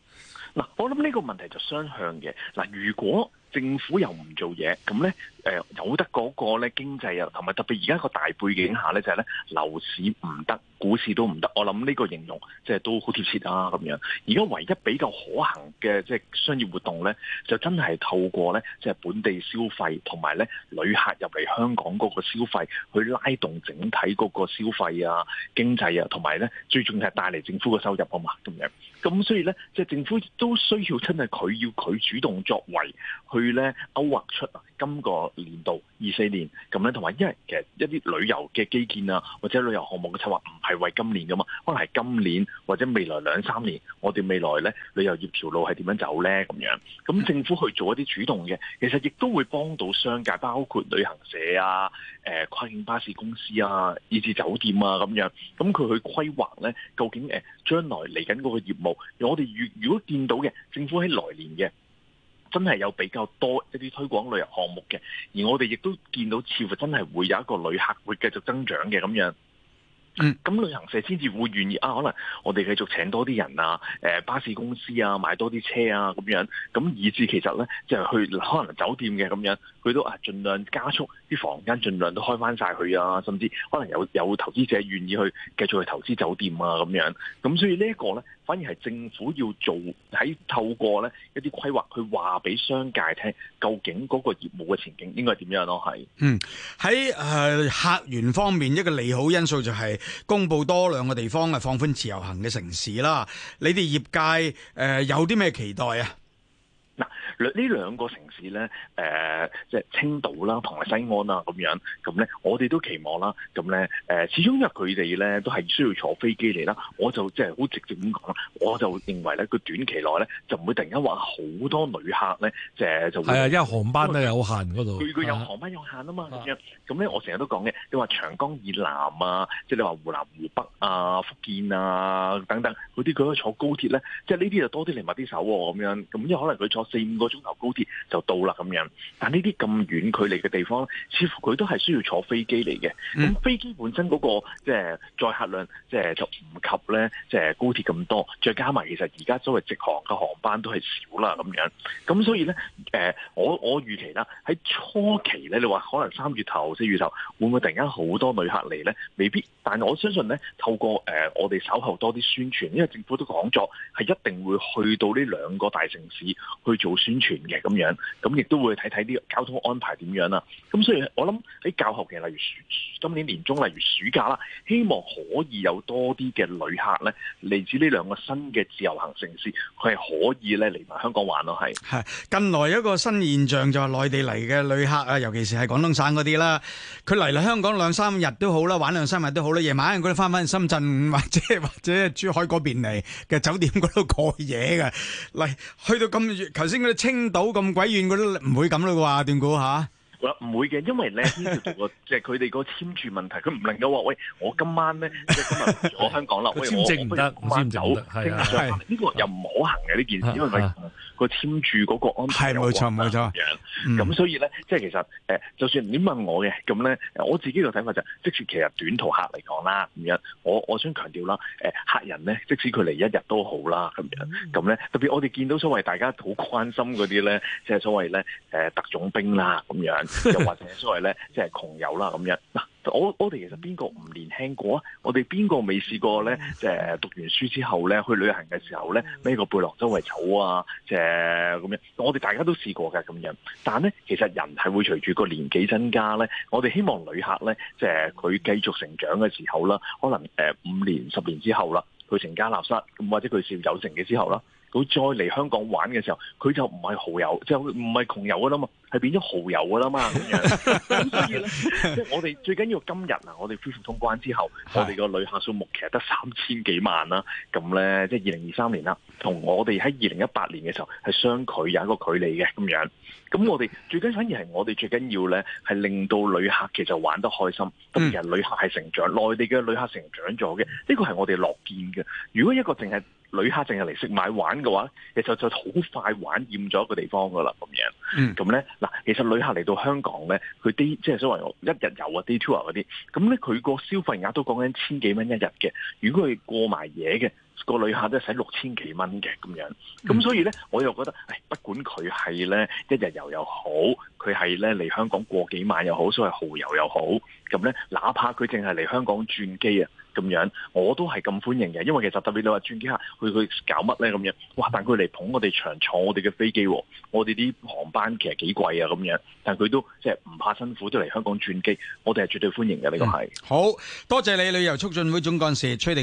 嗱，我諗呢個問題就相向嘅，嗱如果。政府又唔做嘢，咁咧？誒有得嗰個咧經濟啊，同埋特別而家個大背景下咧，就係咧樓市唔得，股市都唔得。我諗呢個形容即係都好貼切啊。咁樣而家唯一比較可行嘅即係商業活動咧，就真係透過咧即係本地消費同埋咧旅客入嚟香港嗰個消費，去拉動整體嗰個消費啊、經濟啊，同埋咧最重要係帶嚟政府嘅收入啊嘛，咁樣咁所以咧，即係政府都需要真係佢要佢主動作為去咧勾劃出今個年度二四年咁樣，同埋因為其實一啲旅遊嘅基建啊，或者旅遊項目嘅策劃唔係為今年噶嘛，可能係今年或者未來兩三年，我哋未來咧旅遊業條路係點樣走咧咁樣，咁政府去做一啲主動嘅，其實亦都會幫到商界，包括旅行社啊、呃、跨境巴士公司啊，以至酒店啊咁樣，咁佢去規劃咧，究竟誒將來嚟緊嗰個業務，我哋如如果見到嘅政府喺來年嘅。真係有比較多一啲推廣旅遊項目嘅，而我哋亦都見到似乎真係會有一個旅客會繼續增長嘅咁樣。嗯，咁旅行社先至會願意啊，可能我哋繼續請多啲人啊、欸，巴士公司啊，買多啲車啊咁樣，咁以至其實呢，就係、去可能酒店嘅咁樣。佢都啊，盡量加速啲房間，盡量都開翻晒佢啊！甚至可能有有投資者願意去繼續去投資酒店啊咁樣。咁所以呢一個呢，反而係政府要做喺透過呢一啲規劃去話俾商界聽，究竟嗰個業務嘅前景應該點樣咯、啊。係嗯，喺誒、呃、客源方面，一個利好因素就係公布多兩個地方啊，放寬自由行嘅城市啦。你哋業界誒、呃、有啲咩期待啊？嗱，呢兩個城市咧，誒，即係青島啦，同埋西安啦，咁樣，咁咧，我哋都期望啦，咁咧，誒，始終因為佢哋咧都係需要坐飛機嚟啦，我就即係好直接咁講啦，我就認為咧，佢短期內咧就唔會突然間話好多旅客咧，即係就係啊，因為航班咧有限嗰度，佢佢有航班有限啊嘛，咁樣咁咧我成日都講嘅，你話長江以南啊，即係你話湖南、湖北啊、福建啊等等嗰啲，佢可以坐高鐵咧，即係呢啲就多啲嚟埋啲手喎、啊，咁樣，咁因為可能佢坐。四五個鐘頭高鐵就到啦咁樣，但呢啲咁遠距離嘅地方，似乎佢都係需要坐飛機嚟嘅。咁飛機本身嗰個即係載客量，即係就唔及咧，即係高鐵咁多。再加埋其實而家所謂直航嘅航班都係少啦咁樣。咁所以咧，誒，我我預期啦，喺初期咧，你話可能三月頭四月頭會唔會突然間好多旅客嚟咧？未必。但我相信咧，透過誒我哋稍後多啲宣傳，因為政府都講咗係一定會去到呢兩個大城市去。去做宣傳嘅咁樣，咁亦都會睇睇啲交通安排點樣啦。咁所以，我諗喺教學期，例如今年年中，例如暑假啦，希望可以有多啲嘅旅客咧嚟自呢兩個新嘅自由行城市，佢係可以咧嚟埋香港玩咯。係係，近來有一個新現象就係內地嚟嘅旅客啊，尤其是係廣東省嗰啲啦，佢嚟嚟香港兩三日都好啦，玩兩三日都好啦，夜晚佢哋翻返深圳或者或者珠海嗰邊嚟嘅酒店嗰度過夜嘅，嚟去到咁越頭先嗰啲青島咁鬼遠嗰啲唔會咁啦啩，段估吓。唔會嘅，因為咧呢個即係佢哋個簽注問題，佢唔能夠話喂，我今晚咧即係今日唔我香港啦，佢簽證唔得，我走，呢個又唔可行嘅呢件事，因為佢個簽注嗰個安排有啲問題。係冇錯，冇錯。咁所以咧，即係其實誒，就算你問我嘅咁咧，我自己個睇法就，即使其實短途客嚟講啦，咁樣，我我想強調啦，誒客人咧，即使佢嚟一日都好啦，咁樣，咁咧特別我哋見到所謂大家好關心嗰啲咧，即係所謂咧誒特種兵啦咁樣。 又或者所謂咧，即係窮遊啦咁樣。嗱，我我哋其實邊個唔年輕過啊？我哋邊個未試過咧？即係讀完書之後咧，去旅行嘅時候咧，孭個背囊周圍走啊，即係咁樣。我哋大家都試過噶咁樣。但係咧，其實人係會隨住個年紀增加咧，我哋希望旅客咧，即係佢繼續成長嘅時候啦，可能誒五年、十年之後啦，佢成家立室咁，或者佢事業有成嘅之後啦，佢再嚟香港玩嘅時候，佢就唔係豪遊，即係唔係窮遊噶啦嘛。係變咗豪遊噶啦嘛咁樣， 所以咧，即係我哋最緊要今日啊，我哋恢復通關之後，我哋個旅客數目其實得三千幾萬啦，咁咧即係二零二三年啦，同我哋喺二零一八年嘅時候係相距有一個距離嘅咁樣，咁我哋最緊要反而係我哋最緊要咧，係令到旅客其實玩得開心，咁其實旅客係成長，內、嗯、地嘅旅客成長咗嘅，呢個係我哋樂見嘅。如果一個淨係。旅客淨係嚟食買玩嘅話，其實就好快玩厭咗一個地方噶啦咁樣。咁咧、嗯，嗱、嗯，其實旅客嚟到香港咧，佢啲即係所謂一日遊啊、day tour 嗰啲，咁咧佢個消費額都講緊千幾蚊一日嘅。如果佢過埋夜嘅個旅客咧，使六千幾蚊嘅咁樣。咁、嗯、所以咧，我又覺得，誒，不管佢係咧一日遊又好，佢係咧嚟香港過幾晚又好，所謂豪遊又好，咁咧，哪怕佢淨係嚟香港轉機啊。咁樣我都係咁歡迎嘅，因為其實特別你話轉機客佢佢搞乜咧，咁樣，哇！但佢嚟捧我哋場，坐我哋嘅飛機，我哋啲航班其實幾貴啊咁樣，但佢都即係唔怕辛苦都嚟香港轉機，我哋係絕對歡迎嘅，呢個係好多謝你。旅遊促進會總幹事崔定邦。